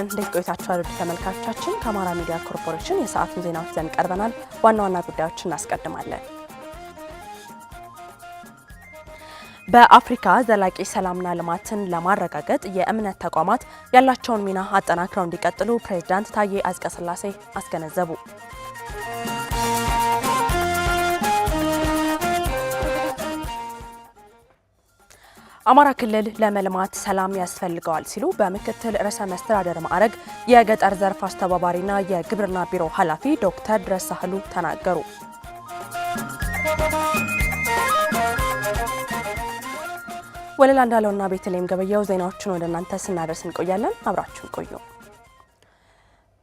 እናመሰግናለን። ደቂቅ ቆይታችሁ አድርጉ ተመልካቾቻችን። ከአማራ ሚዲያ ኮርፖሬሽን የሰዓቱን ዜናዎች ዘንድ ቀርበናል። ዋና ዋና ጉዳዮችን እናስቀድማለን። በአፍሪካ ዘላቂ ሰላምና ልማትን ለማረጋገጥ የእምነት ተቋማት ያላቸውን ሚና አጠናክረው እንዲቀጥሉ ፕሬዝዳንት ታዬ አጽቀሥላሴ አስገነዘቡ። አማራ ክልል ለመልማት ሰላም ያስፈልገዋል ሲሉ በምክትል ርዕሰ መስተዳደር ማዕረግ የገጠር ዘርፍ አስተባባሪና የግብርና ቢሮ ኃላፊ ዶክተር ድረሳህሉ ተናገሩ። ወለላ እንዳለውና ቤተልሔም ገበያው ዜናዎችን ወደ እናንተ ስናደርስ እንቆያለን። አብራችሁን ቆዩ።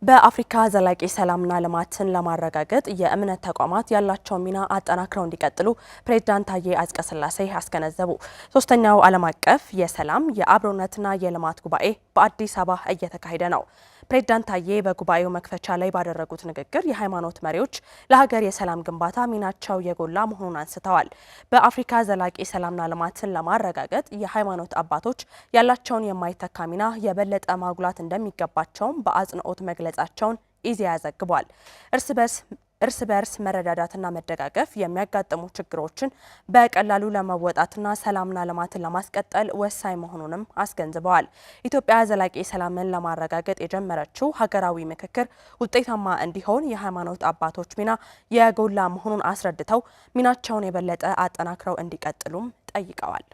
በአፍሪካ ዘላቂ ሰላምና ልማትን ለማረጋገጥ የእምነት ተቋማት ያላቸው ሚና አጠናክረው እንዲቀጥሉ ፕሬዝዳንት ታዬ አጽቀሥላሴ አስገነዘቡ። ሶስተኛው ዓለም አቀፍ የሰላም የአብሮነትና የልማት ጉባኤ በአዲስ አበባ እየተካሄደ ነው። ፕሬዚዳንት ታዬ በጉባኤው መክፈቻ ላይ ባደረጉት ንግግር የሃይማኖት መሪዎች ለሀገር የሰላም ግንባታ ሚናቸው የጎላ መሆኑን አንስተዋል። በአፍሪካ ዘላቂ ሰላምና ልማትን ለማረጋገጥ የሃይማኖት አባቶች ያላቸውን የማይተካ ሚና የበለጠ ማጉላት እንደሚገባቸውም በአጽንኦት መግለጻቸውን ኢዜአ ዘግቧል። እርስ በርስ እርስ በእርስ መረዳዳትና መደጋገፍ የሚያጋጥሙ ችግሮችን በቀላሉ ለመወጣትና ሰላምና ልማትን ለማስቀጠል ወሳኝ መሆኑንም አስገንዝበዋል። ኢትዮጵያ ዘላቂ ሰላምን ለማረጋገጥ የጀመረችው ሀገራዊ ምክክር ውጤታማ እንዲሆን የሃይማኖት አባቶች ሚና የጎላ መሆኑን አስረድተው ሚናቸውን የበለጠ አጠናክረው እንዲቀጥሉም ጠይቀዋል።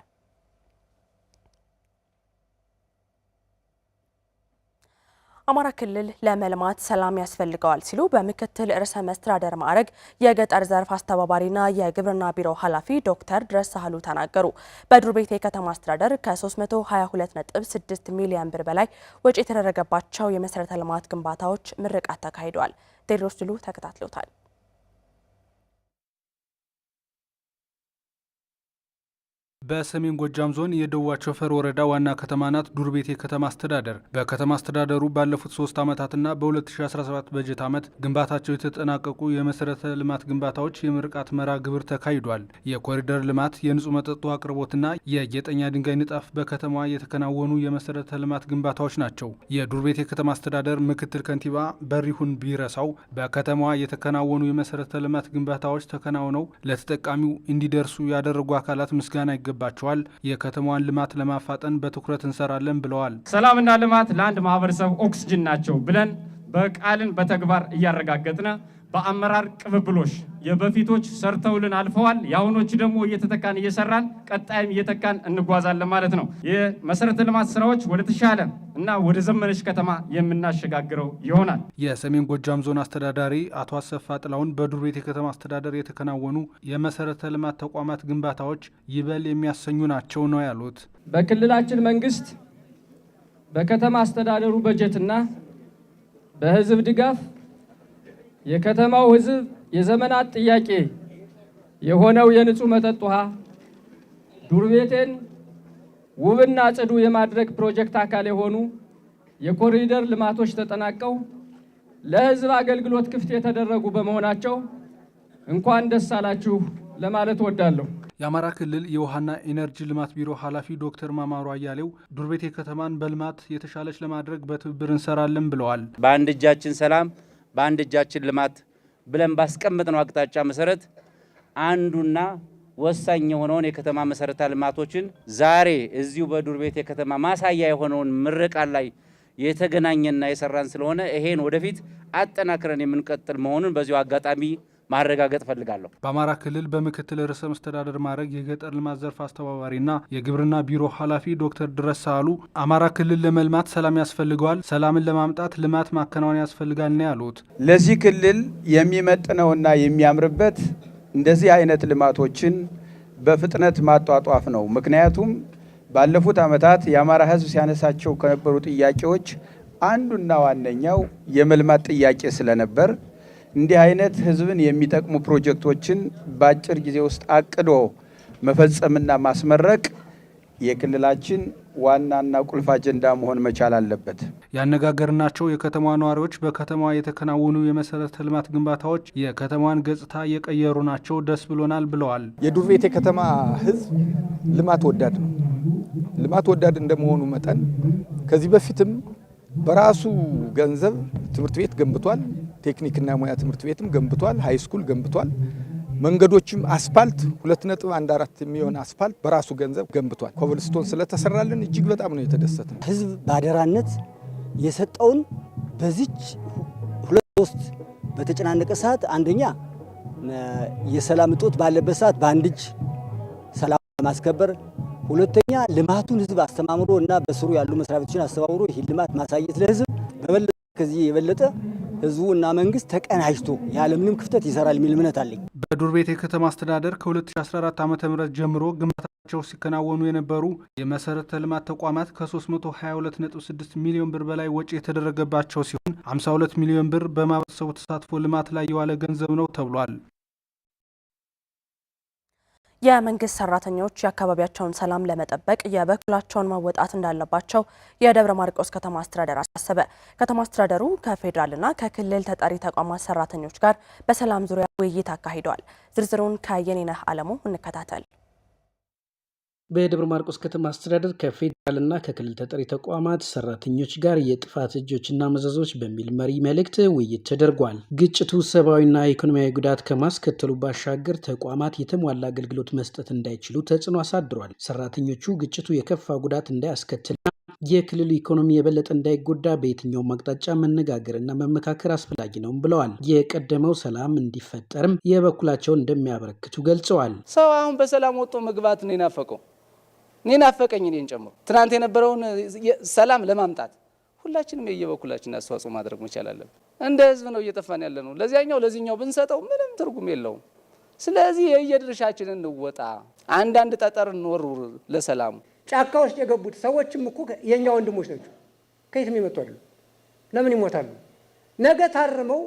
አማራ ክልል ለመልማት ሰላም ያስፈልገዋል ሲሉ በምክትል ርዕሰ መስተዳደር ማዕረግ የገጠር ዘርፍ አስተባባሪና የግብርና ቢሮ ኃላፊ ዶክተር ድረስ ሳህሉ ተናገሩ። በዱር ቤቴ የከተማ አስተዳደር ከ322.6 ሚሊዮን ብር በላይ ወጪ የተደረገባቸው የመሰረተ ልማት ግንባታዎች ምርቃት ተካሂደዋል። ቴድሮስ ድሉ ተከታትለውታል። በሰሜን ጎጃም ዞን የደዋ ቸፈር ወረዳ ዋና ከተማ ናት ዱር ቤቴ ከተማ አስተዳደር። በከተማ አስተዳደሩ ባለፉት ሶስት ዓመታትና በ2017 በጀት ዓመት ግንባታቸው የተጠናቀቁ የመሠረተ ልማት ግንባታዎች የምርቃት መራ ግብር ተካሂዷል። የኮሪደር ልማት፣ የንጹህ መጠጥ አቅርቦትና የጌጠኛ ድንጋይ ንጣፍ በከተማዋ የተከናወኑ የመሠረተ ልማት ግንባታዎች ናቸው። የዱር ቤቴ ከተማ አስተዳደር ምክትል ከንቲባ በሪሁን ቢረሳው በከተማዋ የተከናወኑ የመሠረተ ልማት ግንባታዎች ተከናውነው ለተጠቃሚው እንዲደርሱ ያደረጉ አካላት ምስጋና ይገባል ይገባቸዋል። የከተማዋን ልማት ለማፋጠን በትኩረት እንሰራለን ብለዋል። ሰላምና ልማት ለአንድ ማህበረሰብ ኦክስጅን ናቸው ብለን በቃልን በተግባር እያረጋገጥነ በአመራር ቅብብሎሽ የበፊቶች ሰርተውልን አልፈዋል። የአሁኖች ደግሞ እየተተካን እየሰራን ቀጣይም እየተካን እንጓዛለን ማለት ነው። የመሰረተ ልማት ስራዎች ወደ ተሻለ እና ወደ ዘመነች ከተማ የምናሸጋግረው ይሆናል። የሰሜን ጎጃም ዞን አስተዳዳሪ አቶ አሰፋ ጥላውን በዱር የከተማ አስተዳደር የተከናወኑ የመሰረተ ልማት ተቋማት ግንባታዎች ይበል የሚያሰኙ ናቸው ነው ያሉት። በክልላችን መንግስት በከተማ አስተዳደሩ በጀትና በህዝብ ድጋፍ የከተማው ሕዝብ የዘመናት ጥያቄ የሆነው የንጹህ መጠጥ ውሃ ዱር ቤቴን ውብና ጽዱ የማድረግ ፕሮጀክት አካል የሆኑ የኮሪደር ልማቶች ተጠናቀው ለህዝብ አገልግሎት ክፍት የተደረጉ በመሆናቸው እንኳን ደስ አላችሁ ለማለት ወዳለሁ። የአማራ ክልል የውሃና ኢነርጂ ልማት ቢሮ ኃላፊ ዶክተር ማማሩ አያሌው ዱርቤቴ ከተማን በልማት የተሻለች ለማድረግ በትብብር እንሰራለን ብለዋል። በአንድ እጃችን ሰላም በአንድ እጃችን ልማት ብለን ባስቀመጥነው አቅጣጫ መሰረት አንዱና ወሳኝ የሆነውን የከተማ መሰረተ ልማቶችን ዛሬ እዚሁ በዱር ቤት የከተማ ማሳያ የሆነውን ምረቃ ላይ የተገናኘና የሰራን ስለሆነ ይሄን ወደፊት አጠናክረን የምንቀጥል መሆኑን በዚሁ አጋጣሚ ማረጋገጥ ፈልጋለሁ። በአማራ ክልል በምክትል ርዕሰ መስተዳደር ማድረግ የገጠር ልማት ዘርፍ አስተባባሪና የግብርና ቢሮ ኃላፊ ዶክተር ድረስ አሉ አማራ ክልል ለመልማት ሰላም ያስፈልገዋል፣ ሰላምን ለማምጣት ልማት ማከናወን ያስፈልጋል ነው ያሉት። ለዚህ ክልል የሚመጥነውና የሚያምርበት እንደዚህ አይነት ልማቶችን በፍጥነት ማጧጧፍ ነው። ምክንያቱም ባለፉት ዓመታት የአማራ ሕዝብ ሲያነሳቸው ከነበሩ ጥያቄዎች አንዱና ዋነኛው የመልማት ጥያቄ ስለነበር እንዲህ አይነት ህዝብን የሚጠቅሙ ፕሮጀክቶችን በአጭር ጊዜ ውስጥ አቅዶ መፈጸምና ማስመረቅ የክልላችን ዋናና ቁልፍ አጀንዳ መሆን መቻል አለበት። ያነጋገርናቸው የከተማ ነዋሪዎች በከተማዋ የተከናወኑ የመሰረተ ልማት ግንባታዎች የከተማዋን ገጽታ እየቀየሩ ናቸው፣ ደስ ብሎናል ብለዋል። የዱር ቤት የከተማ ህዝብ ልማት ወዳድ ነው። ልማት ወዳድ እንደመሆኑ መጠን ከዚህ በፊትም በራሱ ገንዘብ ትምህርት ቤት ገንብቷል። ቴክኒክና ሙያ ትምህርት ቤትም ገንብቷል። ሀይ ስኩል ገንብቷል። መንገዶችም አስፋልት ሁለት ነጥብ አንድ አራት የሚሆን አስፋልት በራሱ ገንዘብ ገንብቷል። ኮብልስቶን ስለተሰራልን እጅግ በጣም ነው የተደሰት ነው። ህዝብ ባደራነት የሰጠውን በዚች ሁለት ሶስት በተጨናነቀ ሰዓት አንደኛ የሰላም እጦት ባለበት ሰዓት በአንድ እጅ ሰላም ለማስከበር ሁለተኛ ልማቱን ህዝብ አስተማምሮ እና በስሩ ያሉ መስሪያ ቤቶችን አስተባብሮ ይህ ልማት ማሳየት ለህዝብ በበለጠ ከዚህ የበለጠ ህዝቡና መንግስት ተቀናጅቶ ያለምንም ክፍተት ይሰራል የሚል እምነት አለኝ። በዱር ቤት የከተማ አስተዳደር ከ2014 ዓ ም ጀምሮ ግንባታቸው ሲከናወኑ የነበሩ የመሰረተ ልማት ተቋማት ከ322.6 ሚሊዮን ብር በላይ ወጪ የተደረገባቸው ሲሆን 52 ሚሊዮን ብር በማህበረሰቡ ተሳትፎ ልማት ላይ የዋለ ገንዘብ ነው ተብሏል። የመንግስት ሰራተኞች የአካባቢያቸውን ሰላም ለመጠበቅ የበኩላቸውን መወጣት እንዳለባቸው የደብረ ማርቆስ ከተማ አስተዳደር አሳሰበ። ከተማ አስተዳደሩ ከፌዴራልና ከክልል ተጠሪ ተቋማት ሰራተኞች ጋር በሰላም ዙሪያ ውይይት አካሂደዋል። ዝርዝሩን ከየኔነህ አለሙ እንከታተል። በደብረ ማርቆስ ከተማ አስተዳደር ከፌዴራልና ከክልል ተጠሪ ተቋማት ሰራተኞች ጋር የጥፋት እጆችና መዘዞች በሚል መሪ መልእክት ውይይት ተደርጓል። ግጭቱ ሰብአዊና ኢኮኖሚያዊ ጉዳት ከማስከተሉ ባሻገር ተቋማት የተሟላ አገልግሎት መስጠት እንዳይችሉ ተጽዕኖ አሳድሯል። ሰራተኞቹ ግጭቱ የከፋ ጉዳት እንዳያስከትልና የክልሉ ኢኮኖሚ የበለጠ እንዳይጎዳ በየትኛውም አቅጣጫ መነጋገርና መመካከር አስፈላጊ ነውም ብለዋል። የቀደመው ሰላም እንዲፈጠርም የበኩላቸውን እንደሚያበረክቱ ገልጸዋል። ሰው አሁን በሰላም ወጥቶ መግባት ነው የናፈቀው እኔ አፈቀኝ እኔን ጨምሮ ትናንት የነበረውን ሰላም ለማምጣት ሁላችንም የየበኩላችን አስተዋጽኦ ማድረግ መቻል አለብን። እንደ ህዝብ ነው እየጠፋን ያለ ነው። ለዚያኛው ለዚህኛው ብንሰጠው ምንም ትርጉም የለውም። ስለዚህ የየድርሻችንን እንወጣ። አንዳንድ ጠጠር እንወርውር ለሰላሙ። ጫካ ውስጥ የገቡት ሰዎችም እኮ የእኛ ወንድሞች ናቸው። ከየትም የመጡ አይደሉም። ለምን ይሞታሉ? ነገ ታርመው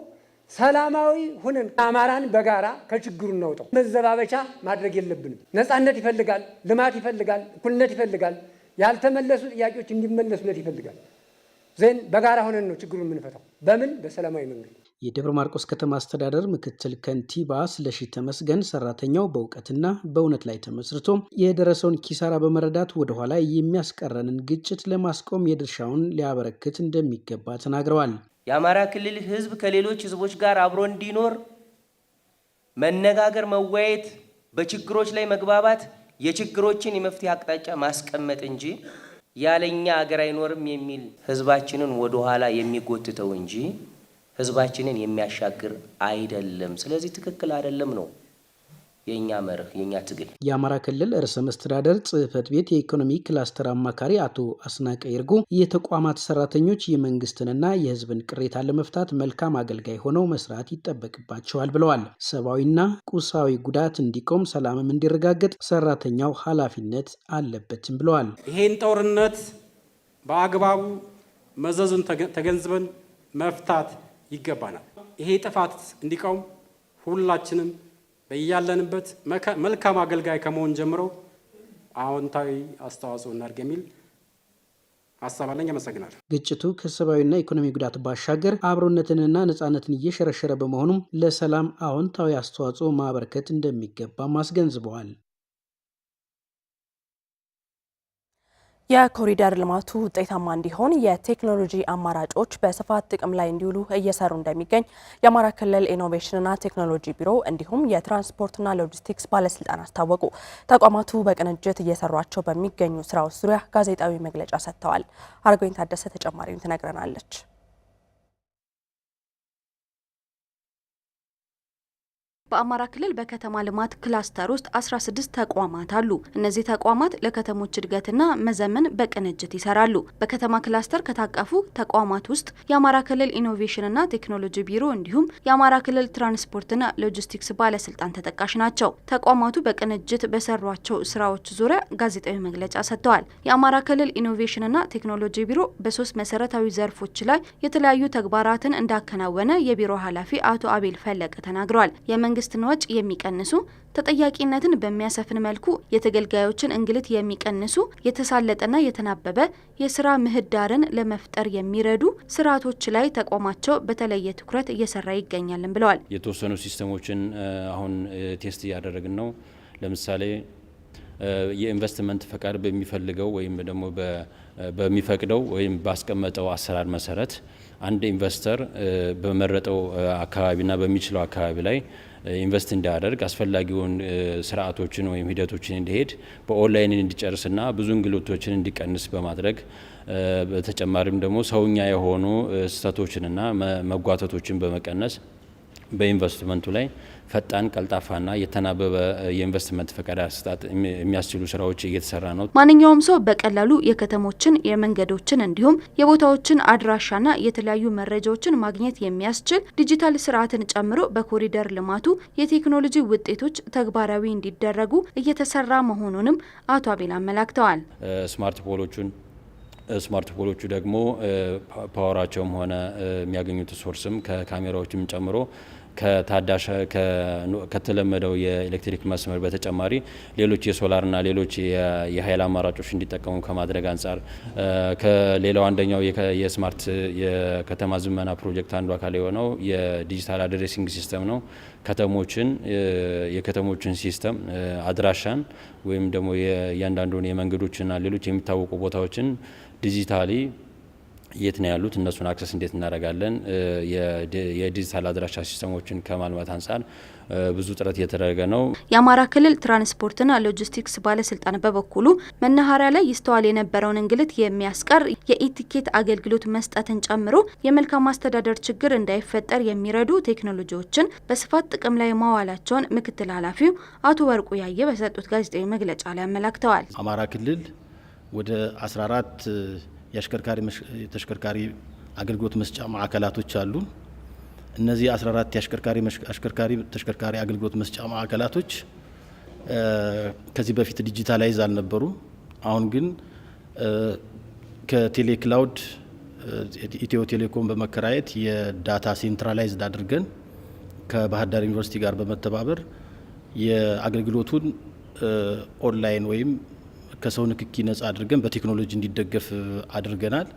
ሰላማዊ ሁነን አማራን በጋራ ከችግሩ እናውጣው። መዘባበቻ ማድረግ የለብንም። ነፃነት ይፈልጋል፣ ልማት ይፈልጋል፣ እኩልነት ይፈልጋል፣ ያልተመለሱ ጥያቄዎች እንዲመለሱለት ይፈልጋል። ዜን በጋራ ሆነን ነው ችግሩን የምንፈታው። በምን? በሰላማዊ መንገድ። የደብረ ማርቆስ ከተማ አስተዳደር ምክትል ከንቲባ ስለሺ ተመስገን ሰራተኛው በእውቀትና በእውነት ላይ ተመስርቶ የደረሰውን ኪሳራ በመረዳት ወደኋላ የሚያስቀረንን ግጭት ለማስቆም የድርሻውን ሊያበረክት እንደሚገባ ተናግረዋል። የአማራ ክልል ህዝብ ከሌሎች ህዝቦች ጋር አብሮ እንዲኖር መነጋገር፣ መወያየት፣ በችግሮች ላይ መግባባት፣ የችግሮችን የመፍትሄ አቅጣጫ ማስቀመጥ እንጂ ያለኛ አገር አይኖርም የሚል ህዝባችንን ወደኋላ የሚጎትተው እንጂ ህዝባችንን የሚያሻግር አይደለም። ስለዚህ ትክክል አይደለም ነው። የእኛ መርህ የእኛ ትግል። የአማራ ክልል ርዕሰ መስተዳደር ጽህፈት ቤት የኢኮኖሚ ክላስተር አማካሪ አቶ አስናቀ ይርጉ የተቋማት ሰራተኞች የመንግስትንና የህዝብን ቅሬታ ለመፍታት መልካም አገልጋይ ሆነው መስራት ይጠበቅባቸዋል ብለዋል። ሰብአዊና ቁሳዊ ጉዳት እንዲቆም፣ ሰላምም እንዲረጋገጥ ሰራተኛው ኃላፊነት አለበትም ብለዋል። ይሄን ጦርነት በአግባቡ መዘዙን ተገንዝበን መፍታት ይገባናል። ይሄ ጥፋት እንዲቆም ሁላችንም በያለንበት መልካም አገልጋይ ከመሆን ጀምሮ አዎንታዊ አስተዋጽኦ እናድርግ የሚል ሀሳብ አለኝ። አመሰግናለሁ። ግጭቱ ከሰብአዊና ኢኮኖሚ ጉዳት ባሻገር አብሮነትንና ነጻነትን እየሸረሸረ በመሆኑም ለሰላም አዎንታዊ አስተዋጽኦ ማበረከት እንደሚገባም አስገንዝበዋል። የኮሪደር ልማቱ ውጤታማ እንዲሆን የቴክኖሎጂ አማራጮች በስፋት ጥቅም ላይ እንዲውሉ እየሰሩ እንደሚገኝ የአማራ ክልል ኢኖቬሽንና ቴክኖሎጂ ቢሮ እንዲሁም የትራንስፖርትና ሎጂስቲክስ ባለስልጣን አስታወቁ። ተቋማቱ በቅንጅት እየሰሯቸው በሚገኙ ስራዎች ዙሪያ ጋዜጣዊ መግለጫ ሰጥተዋል። አርጎኝ ታደሰ ተጨማሪውን ትነግረናለች። በአማራ ክልል በከተማ ልማት ክላስተር ውስጥ 16 ተቋማት አሉ። እነዚህ ተቋማት ለከተሞች እድገትና መዘመን በቅንጅት ይሰራሉ። በከተማ ክላስተር ከታቀፉ ተቋማት ውስጥ የአማራ ክልል ኢኖቬሽንና ቴክኖሎጂ ቢሮ እንዲሁም የአማራ ክልል ትራንስፖርትና ሎጂስቲክስ ባለስልጣን ተጠቃሽ ናቸው። ተቋማቱ በቅንጅት በሰሯቸው ስራዎች ዙሪያ ጋዜጣዊ መግለጫ ሰጥተዋል። የአማራ ክልል ኢኖቬሽንና ቴክኖሎጂ ቢሮ በሶስት መሰረታዊ ዘርፎች ላይ የተለያዩ ተግባራትን እንዳከናወነ የቢሮ ኃላፊ አቶ አቤል ፈለቀ ተናግረዋል። የመንግስት የመንግስትን ወጪ የሚቀንሱ ተጠያቂነትን በሚያሰፍን መልኩ የተገልጋዮችን እንግልት የሚቀንሱ የተሳለጠና የተናበበ የስራ ምህዳርን ለመፍጠር የሚረዱ ስርዓቶች ላይ ተቋማቸው በተለየ ትኩረት እየሰራ ይገኛልን ብለዋል። የተወሰኑ ሲስተሞችን አሁን ቴስት እያደረግን ነው። ለምሳሌ የኢንቨስትመንት ፈቃድ በሚፈልገው ወይም ደግሞ በሚፈቅደው ወይም ባስቀመጠው አሰራር መሰረት አንድ ኢንቨስተር በመረጠው አካባቢና በሚችለው አካባቢ ላይ ኢንቨስት እንዳያደርግ አስፈላጊውን ስርዓቶችን ወይም ሂደቶችን እንዲሄድ በኦንላይን እንዲጨርስና ብዙ እንግሎቶችን እንዲቀንስ በማድረግ በተጨማሪም ደግሞ ሰውኛ የሆኑ ስህተቶችንና መጓተቶችን በመቀነስ በኢንቨስትመንቱ ላይ ፈጣን ቀልጣፋና የተናበበ የኢንቨስትመንት ፈቃድ አሰጣጥ የሚያስችሉ ስራዎች እየተሰራ ነው። ማንኛውም ሰው በቀላሉ የከተሞችን የመንገዶችን፣ እንዲሁም የቦታዎችን አድራሻና የተለያዩ መረጃዎችን ማግኘት የሚያስችል ዲጂታል ስርዓትን ጨምሮ በኮሪደር ልማቱ የቴክኖሎጂ ውጤቶች ተግባራዊ እንዲደረጉ እየተሰራ መሆኑንም አቶ አቤል አመላክተዋል። ስማርት ፖሎቹን ስማርት ፖሎቹ ደግሞ ፓወራቸውም ሆነ የሚያገኙት ሶርስም ከካሜራዎችም ጨምሮ ከታዳሽ ከተለመደው የኤሌክትሪክ መስመር በተጨማሪ ሌሎች የሶላርና ሌሎች የኃይል አማራጮች እንዲጠቀሙ ከማድረግ አንጻር ከሌላው አንደኛው የስማርት የከተማ ዝመና ፕሮጀክት አንዱ አካል የሆነው የዲጂታል አድሬሲንግ ሲስተም ነው። ከተሞችን የከተሞችን ሲስተም አድራሻን ወይም ደግሞ እያንዳንዱን የመንገዶችና ሌሎች የሚታወቁ ቦታዎችን ዲጂታሊ የት ነው ያሉት? እነሱን አክሰስ እንዴት እናደርጋለን? የዲጂታል አድራሻ ሲስተሞችን ከማልማት አንጻር ብዙ ጥረት እየተደረገ ነው። የአማራ ክልል ትራንስፖርትና ሎጂስቲክስ ባለስልጣን በበኩሉ መናኸሪያ ላይ ይስተዋል የነበረውን እንግልት የሚያስቀር የኢቲኬት አገልግሎት መስጠትን ጨምሮ የመልካም አስተዳደር ችግር እንዳይፈጠር የሚረዱ ቴክኖሎጂዎችን በስፋት ጥቅም ላይ ማዋላቸውን ምክትል ኃላፊው አቶ ወርቁ ያየ በሰጡት ጋዜጣዊ መግለጫ ላይ አመላክተዋል። አማራ ክልል ወደ 14 የአሽከርካሪ ተሽከርካሪ አገልግሎት መስጫ ማዕከላቶች አሉ። እነዚህ 14 የአሽከርካሪ ተሽከርካሪ አገልግሎት መስጫ ማዕከላቶች ከዚህ በፊት ዲጂታላይዝ አልነበሩ አሁን ግን ከቴሌክላውድ ኢትዮ ቴሌኮም በመከራየት የዳታ ሴንትራላይዝድ አድርገን ከባህር ዳር ዩኒቨርሲቲ ጋር በመተባበር የአገልግሎቱን ኦንላይን ወይም ከሰው ንክኪ ነጻ አድርገን በቴክኖሎጂ እንዲደገፍ አድርገናል።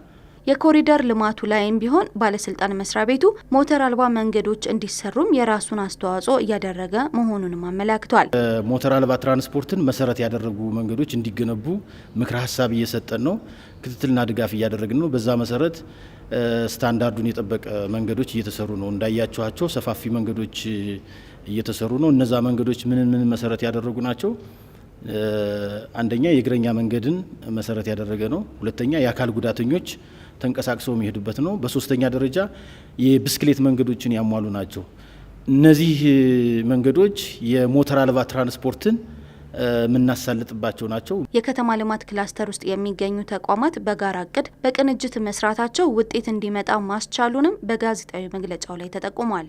የኮሪደር ልማቱ ላይም ቢሆን ባለስልጣን መስሪያ ቤቱ ሞተር አልባ መንገዶች እንዲሰሩም የራሱን አስተዋጽኦ እያደረገ መሆኑንም አመላክቷል። ሞተር አልባ ትራንስፖርትን መሰረት ያደረጉ መንገዶች እንዲገነቡ ምክረ ሀሳብ እየሰጠን ነው። ክትትልና ድጋፍ እያደረግን ነው። በዛ መሰረት ስታንዳርዱን የጠበቀ መንገዶች እየተሰሩ ነው። እንዳያችኋቸው ሰፋፊ መንገዶች እየተሰሩ ነው። እነዛ መንገዶች ምን ምን መሰረት ያደረጉ ናቸው? አንደኛ የእግረኛ መንገድን መሰረት ያደረገ ነው። ሁለተኛ የአካል ጉዳተኞች ተንቀሳቅሰው የሚሄዱበት ነው። በሶስተኛ ደረጃ የብስክሌት መንገዶችን ያሟሉ ናቸው። እነዚህ መንገዶች የሞተር አልባ ትራንስፖርትን የምናሳልጥባቸው ናቸው። የከተማ ልማት ክላስተር ውስጥ የሚገኙ ተቋማት በጋራ እቅድ በቅንጅት መስራታቸው ውጤት እንዲመጣ ማስቻሉንም በጋዜጣዊ መግለጫው ላይ ተጠቁሟል።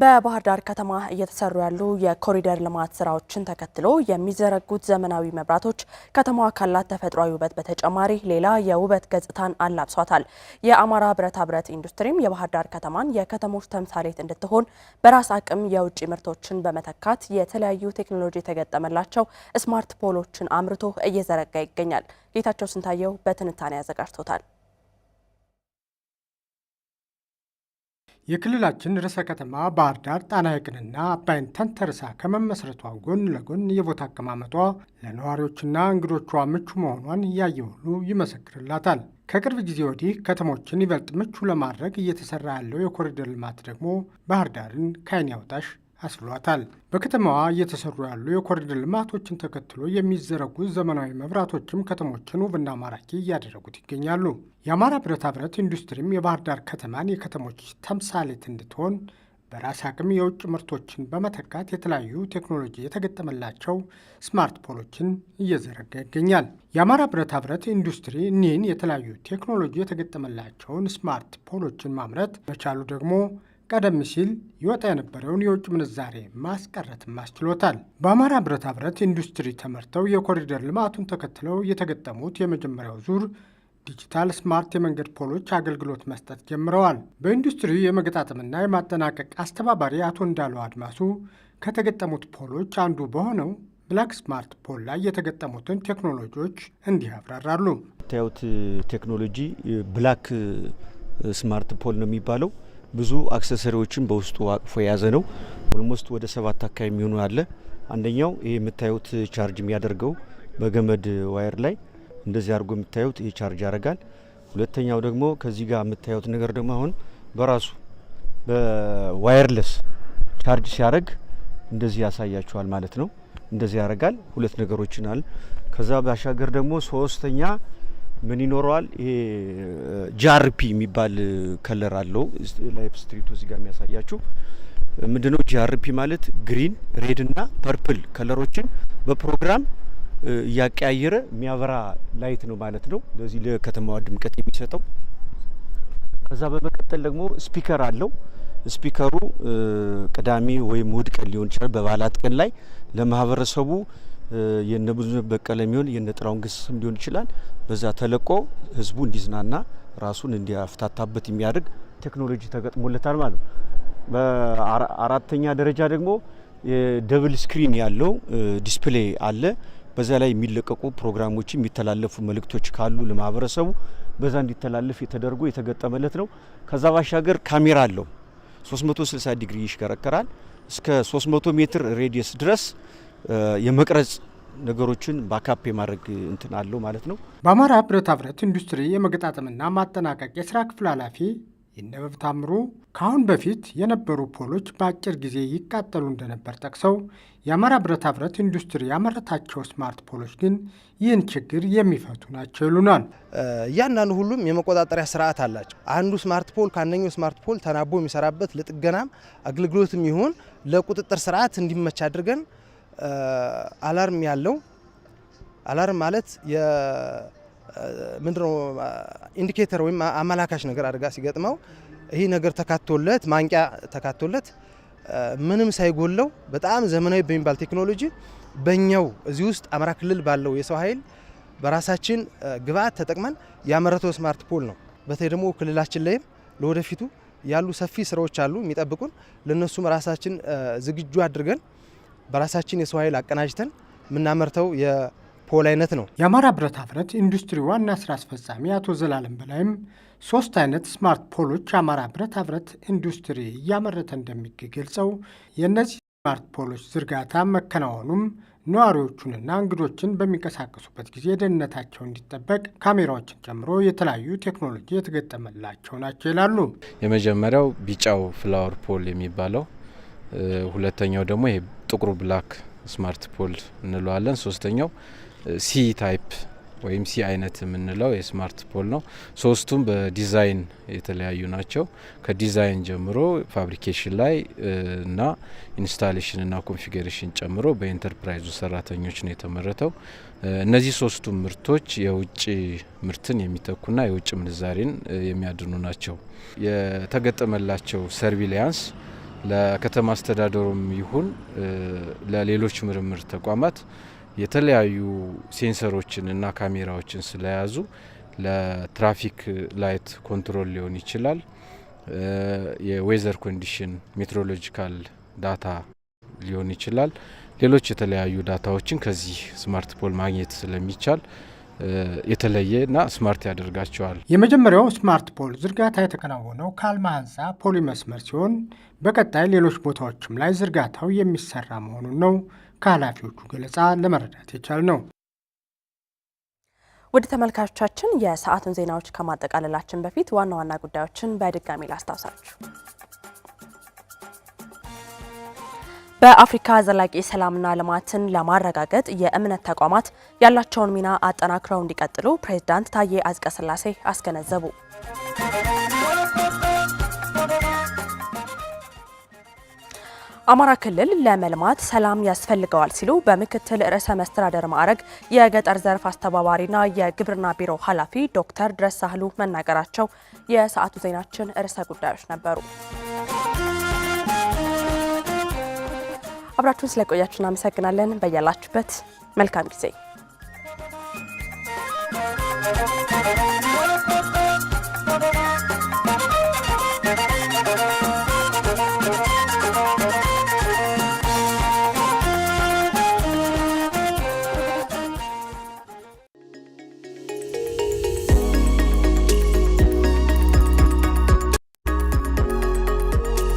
በባህር ዳር ከተማ እየተሰሩ ያሉ የኮሪደር ልማት ስራዎችን ተከትሎ የሚዘረጉት ዘመናዊ መብራቶች ከተማዋ ካላት ተፈጥሯዊ ውበት በተጨማሪ ሌላ የውበት ገጽታን አላብሷታል። የአማራ ብረታ ብረት ኢንዱስትሪም የባህር ዳር ከተማን የከተሞች ተምሳሌት እንድትሆን በራስ አቅም የውጭ ምርቶችን በመተካት የተለያዩ ቴክኖሎጂ የተገጠመላቸው ስማርት ፖሎችን አምርቶ እየዘረጋ ይገኛል። ጌታቸው ስንታየው በትንታኔ አዘጋጅቶታል። የክልላችን ርዕሰ ከተማ ባህር ዳር ጣና ሐይቅንና አባይን ተንተርሳ ከመመስረቷ ጎን ለጎን የቦታ አቀማመጧ ለነዋሪዎችና እንግዶቿ ምቹ መሆኗን እያየ ሁሉ ይመሰክርላታል። ከቅርብ ጊዜ ወዲህ ከተሞችን ይበልጥ ምቹ ለማድረግ እየተሰራ ያለው የኮሪደር ልማት ደግሞ ባህር ዳርን ከዓይን ያወጣሽ አስብሏታል። በከተማዋ እየተሰሩ ያሉ የኮሪደር ልማቶችን ተከትሎ የሚዘረጉ ዘመናዊ መብራቶችም ከተሞችን ውብና ማራኪ እያደረጉት ይገኛሉ። የአማራ ብረታ ብረት ኢንዱስትሪም የባህር ዳር ከተማን የከተሞች ተምሳሌት እንድትሆን በራስ አቅም የውጭ ምርቶችን በመተካት የተለያዩ ቴክኖሎጂ የተገጠመላቸው ስማርት ፖሎችን እየዘረጋ ይገኛል። የአማራ ብረታ ብረት ኢንዱስትሪ እኒህን የተለያዩ ቴክኖሎጂ የተገጠመላቸውን ስማርት ፖሎችን ማምረት መቻሉ ደግሞ ቀደም ሲል ይወጣ የነበረውን የውጭ ምንዛሬ ማስቀረትም አስችሎታል። በአማራ ብረታ ብረት ኢንዱስትሪ ተመርተው የኮሪደር ልማቱን ተከትለው የተገጠሙት የመጀመሪያው ዙር ዲጂታል ስማርት የመንገድ ፖሎች አገልግሎት መስጠት ጀምረዋል። በኢንዱስትሪ የመገጣጠምና የማጠናቀቅ አስተባባሪ አቶ እንዳለው አድማሱ ከተገጠሙት ፖሎች አንዱ በሆነው ብላክ ስማርት ፖል ላይ የተገጠሙትን ቴክኖሎጂዎች እንዲህ ያብራራሉ። ታዩት ቴክኖሎጂ ብላክ ስማርት ፖል ነው የሚባለው ብዙ አክሰሰሪዎችን በውስጡ አቅፎ የያዘ ነው። ኦልሞስት ወደ ሰባት አካባቢ የሚሆኑ አለ። አንደኛው ይሄ የምታዩት ቻርጅ የሚያደርገው በገመድ ዋየር ላይ እንደዚህ አድርጎ የምታዩት ይህ ቻርጅ ያደርጋል። ሁለተኛው ደግሞ ከዚህ ጋር የምታዩት ነገር ደግሞ አሁን በራሱ በዋየርለስ ቻርጅ ሲያደርግ እንደዚህ ያሳያችኋል ማለት ነው። እንደዚህ ያደርጋል። ሁለት ነገሮችን አለ። ከዛ ባሻገር ደግሞ ሶስተኛ ምን ይኖረዋል? ይሄ ጂአርፒ የሚባል ከለር አለው። ላይፍ ስትሪቱ እዚህ ጋር የሚያሳያችሁ ምንድነው? ጂአርፒ ማለት ግሪን፣ ሬድ እና ፐርፕል ከለሮችን በፕሮግራም እያቀያየረ የሚያበራ ላይት ነው ማለት ነው። ለዚህ ለከተማዋ ድምቀት የሚሰጠው ከዛ በመቀጠል ደግሞ ስፒከር አለው። ስፒከሩ ቅዳሜ ወይም እሁድ ቀን ሊሆን ይችላል በበዓላት ቀን ላይ ለማህበረሰቡ የነ ብዙነህ በቀለ የሚሆን የነ ሊሆን ይችላል። በዛ ተለቆ ህዝቡ እንዲዝናና ራሱን እንዲያፍታታበት የሚያደርግ ቴክኖሎጂ ተገጥሞለታል ማለት ነው። በአራተኛ ደረጃ ደግሞ ደብል ስክሪን ያለው ዲስፕሌይ አለ። በዛ ላይ የሚለቀቁ ፕሮግራሞች፣ የሚተላለፉ መልእክቶች ካሉ ለማህበረሰቡ በዛ እንዲተላለፍ ተደርጎ የተገጠመለት ነው። ከዛ ባሻገር ካሜራ አለው 360 ዲግሪ ይሽከረከራል። እስከ 300 ሜትር ሬዲየስ ድረስ የመቅረጽ ነገሮችን ባካፕ የማድረግ እንትን አለው ማለት ነው። በአማራ ብረታ ብረት ኢንዱስትሪ የመገጣጠምና ማጠናቀቅ የስራ ክፍል ኃላፊ ይነበብ ታምሩ ከአሁን በፊት የነበሩ ፖሎች በአጭር ጊዜ ይቃጠሉ እንደነበር ጠቅሰው የአማራ ብረታ ብረት ኢንዱስትሪ ያመረታቸው ስማርት ፖሎች ግን ይህን ችግር የሚፈቱ ናቸው ይሉናል። እያንዳንዱ ሁሉም የመቆጣጠሪያ ስርዓት አላቸው። አንዱ ስማርት ፖል ከአንደኛው ስማርት ፖል ተናቦ የሚሰራበት ለጥገናም አገልግሎትም ይሁን ለቁጥጥር ስርዓት እንዲመች አድርገን አላርም ያለው አላርም ማለት ምንድነው ኢንዲኬተር ወይም አመላካሽ ነገር አደጋ ሲገጥመው ይህ ነገር ተካቶለት ማንቂያ ተካቶለት ምንም ሳይጎለው በጣም ዘመናዊ በሚባል ቴክኖሎጂ በኛው እዚህ ውስጥ አማራ ክልል ባለው የሰው ኃይል በራሳችን ግብአት ተጠቅመን ያመረተው ስማርት ፖል ነው። በተለይ ደግሞ ክልላችን ላይም ለወደፊቱ ያሉ ሰፊ ስራዎች አሉ የሚጠብቁን። ለነሱም ራሳችን ዝግጁ አድርገን በራሳችን የሰው ኃይል አቀናጅተን የምናመርተው የፖል አይነት ነው። የአማራ ብረታ ብረት ኢንዱስትሪ ዋና ስራ አስፈጻሚ አቶ ዘላለም በላይም ሶስት አይነት ስማርት ፖሎች አማራ ብረታ ብረት ኢንዱስትሪ እያመረተ እንደሚገልጸው ገልጸው የእነዚህ ስማርት ፖሎች ዝርጋታ መከናወኑም ነዋሪዎቹንና እንግዶችን በሚንቀሳቀሱበት ጊዜ ደህንነታቸው እንዲጠበቅ ካሜራዎችን ጨምሮ የተለያዩ ቴክኖሎጂ የተገጠመላቸው ናቸው ይላሉ። የመጀመሪያው ቢጫው ፍላወር ፖል የሚባለው ሁለተኛው ደግሞ ይሄ ጥቁሩ ብላክ ስማርት ፖል እንለዋለን። ሶስተኛው ሲ ታይፕ ወይም ሲ አይነት የምንለው የስማርት ፖል ነው። ሶስቱም በዲዛይን የተለያዩ ናቸው። ከዲዛይን ጀምሮ ፋብሪኬሽን ላይ እና ኢንስታሌሽንና ኮንፊገሬሽን ጨምሮ በኤንተርፕራይዙ ሰራተኞች ነው የተመረተው። እነዚህ ሶስቱ ምርቶች የውጭ ምርትን የሚተኩና የውጭ ምንዛሬን የሚያድኑ ናቸው። የተገጠመላቸው ሰርቪሊያንስ ለከተማ አስተዳደሩም ይሁን ለሌሎች ምርምር ተቋማት የተለያዩ ሴንሰሮችን እና ካሜራዎችን ስለያዙ ለትራፊክ ላይት ኮንትሮል ሊሆን ይችላል፣ የዌዘር ኮንዲሽን ሜትሮሎጂካል ዳታ ሊሆን ይችላል። ሌሎች የተለያዩ ዳታዎችን ከዚህ ስማርት ፖል ማግኘት ስለሚቻል የተለየ እና ስማርት ያደርጋቸዋል። የመጀመሪያው ስማርት ፖል ዝርጋታ የተከናወነው ከአልማ ህንፃ ፖሊ መስመር ሲሆን በቀጣይ ሌሎች ቦታዎችም ላይ ዝርጋታው የሚሰራ መሆኑን ነው ከኃላፊዎቹ ገለጻ ለመረዳት የቻል ነው። ውድ ተመልካቾቻችን የሰዓቱን ዜናዎች ከማጠቃለላችን በፊት ዋና ዋና ጉዳዮችን በድጋሚ ላስታውሳችሁ። በአፍሪካ ዘላቂ ሰላምና ልማትን ለማረጋገጥ የእምነት ተቋማት ያላቸውን ሚና አጠናክረው እንዲቀጥሉ ፕሬዝዳንት ታዬ አጽቀሥላሴ አስገነዘቡ። አማራ ክልል ለመልማት ሰላም ያስፈልገዋል ሲሉ በምክትል ርዕሰ መስተዳደር ማዕረግ የገጠር ዘርፍ አስተባባሪና የግብርና ቢሮ ኃላፊ ዶክተር ድረስ ሳህሉ መናገራቸው የሰዓቱ ዜናችን ርዕሰ ጉዳዮች ነበሩ። አብራችሁን ስለቆያችሁ እናመሰግናለን። በያላችሁበት መልካም ጊዜ